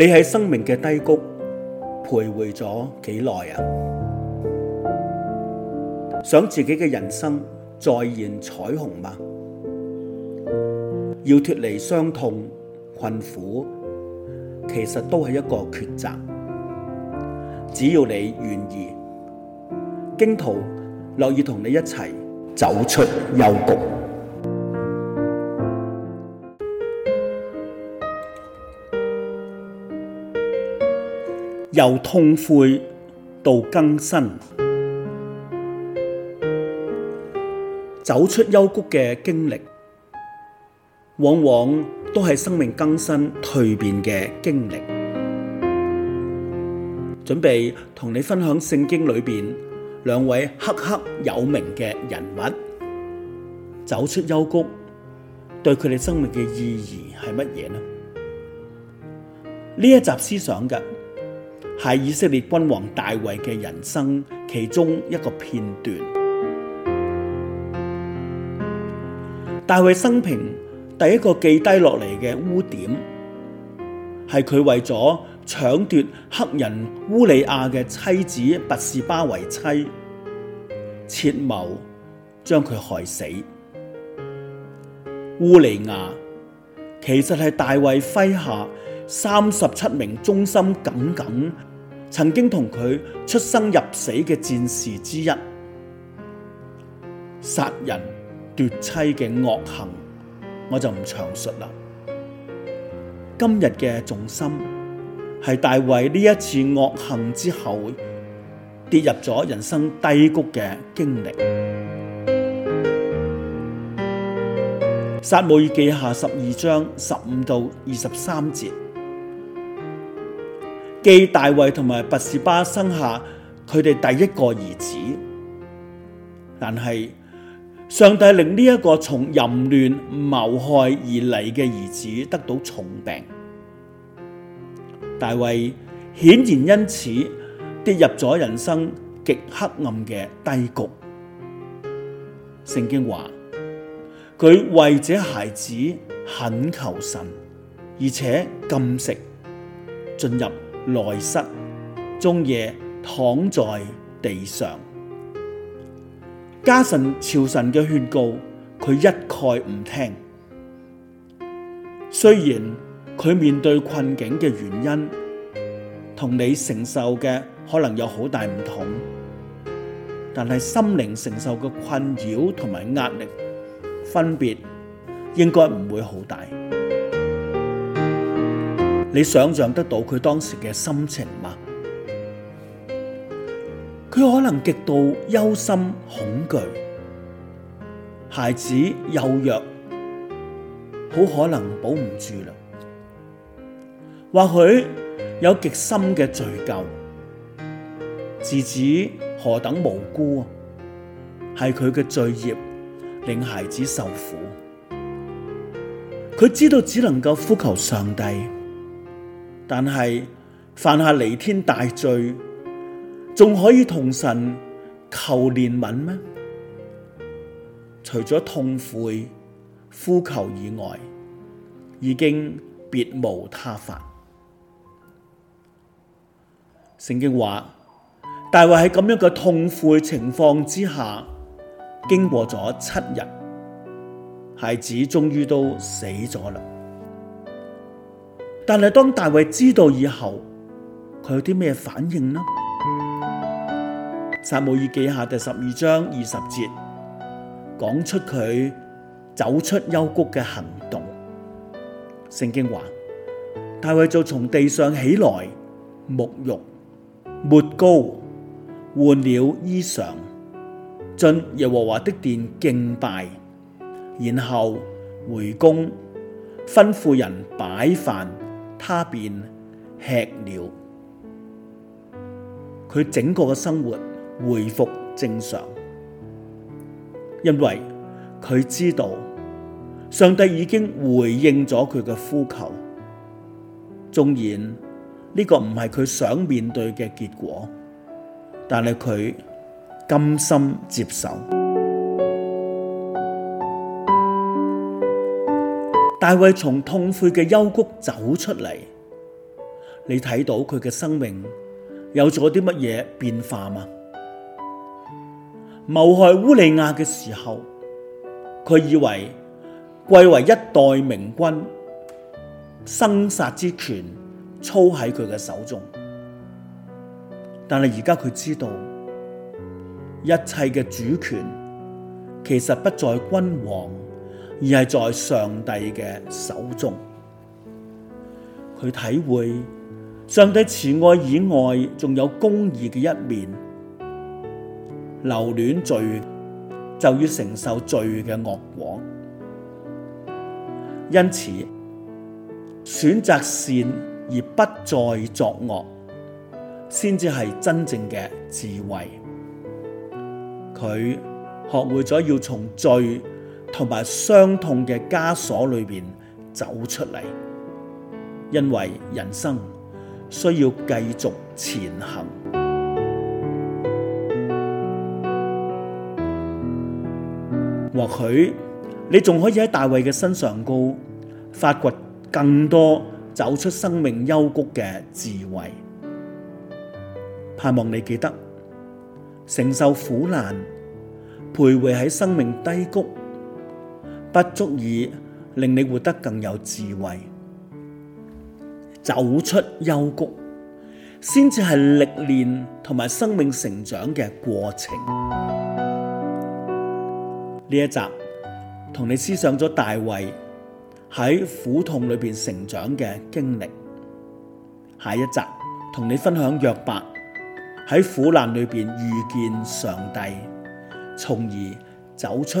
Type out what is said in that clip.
你喺生命嘅低谷徘徊咗幾耐啊？想自己嘅人生再現彩虹嗎？要脫離傷痛困苦，其實都係一個抉擇。只要你願意，荊徒樂意同你一齊走出幽谷。由痛悔到更新，走出幽谷嘅經歷，往往都係生命更新蛻變嘅經歷。準備同你分享聖經裏邊兩位赫赫有名嘅人物，走出幽谷，對佢哋生命嘅意義係乜嘢呢？呢一集思想嘅。係以色列君王大衛嘅人生，其中一個片段。大衛生平第一個記低落嚟嘅污點，係佢為咗搶奪赫人烏利亞嘅妻子拔士巴為妻，設謀將佢害死。烏利亞其實係大衛麾下三十七名忠心耿耿。曾經同佢出生入死嘅戰士之一，殺人奪妻嘅惡行，我就唔詳述啦。今日嘅重心係大衛呢一次惡行之後，跌入咗人生低谷嘅經歷。撒母耳記下十二章十五到二十三節。既大衛同埋拔士巴生下佢哋第一個兒子，但係上帝令呢一個從淫亂謀害而嚟嘅兒子得到重病，大衛顯然因此跌入咗人生極黑暗嘅低谷。聖經話佢為這孩子懇求神，而且禁食進入內室，終夜躺在地上。家臣、朝臣嘅勸告，佢一概唔聽。雖然佢面對困境嘅原因，同你承受嘅可能有好大唔同，但係心靈承受嘅困擾同埋壓力，分別應該唔會好大。你想象得到佢當時嘅心情嗎？佢可能極度憂心恐懼，孩子幼弱，好可能保唔住啦。或許有極深嘅罪疚，稚子何等無辜啊！係佢嘅罪孽，令孩子受苦，佢知道只能夠呼求上帝。但係犯下彌天大罪，仲可以同神求憐憫咩？除咗痛悔呼求以外，已經別無他法。聖經話大衛喺咁樣嘅痛悔情況之下，經過咗七日，孩子終於都死咗啦。但係當大衛知道以後，佢有啲咩反應呢？撒母耳記下第十二章二十節講出佢走出幽谷嘅行動。聖經話：大衛就從地上起來，沐浴、抹膏、換了衣裳，進耶和華的殿敬拜，然後回宮，吩咐人擺飯。他便吃了，佢整個嘅生活回復正常，因為佢知道上帝已經回應咗佢嘅呼求，縱然呢個唔係佢想面對嘅結果，但係佢甘心接受。大衛從痛悔嘅幽谷走出嚟，你睇到佢嘅生命有咗啲乜嘢變化嗎？謀害烏利亞嘅時候，佢以為貴為一代明君，生殺之權操喺佢嘅手中，但係而家佢知道一切嘅主權其實不在君王，而係在上帝嘅手中，佢體會上帝慈愛以外，仲有公義嘅一面。留戀罪，就要承受罪嘅惡果。因此，選擇善而不再作惡，先至係真正嘅智慧。佢學會咗要從罪。同埋傷痛嘅枷鎖裏邊走出嚟，因為人生需要繼續前行。或許你仲可以喺大衛嘅身上高發掘更多走出生命幽谷嘅智慧。盼望你記得承受苦難，徘徊喺生命低谷，不足以令你活得更有智慧，走出幽谷，先至係歷練同埋生命成長嘅過程。呢一集同你思想咗大衛喺苦痛裏邊成長嘅經歷，下一集同你分享約伯喺苦難裏邊遇見上帝，從而走出。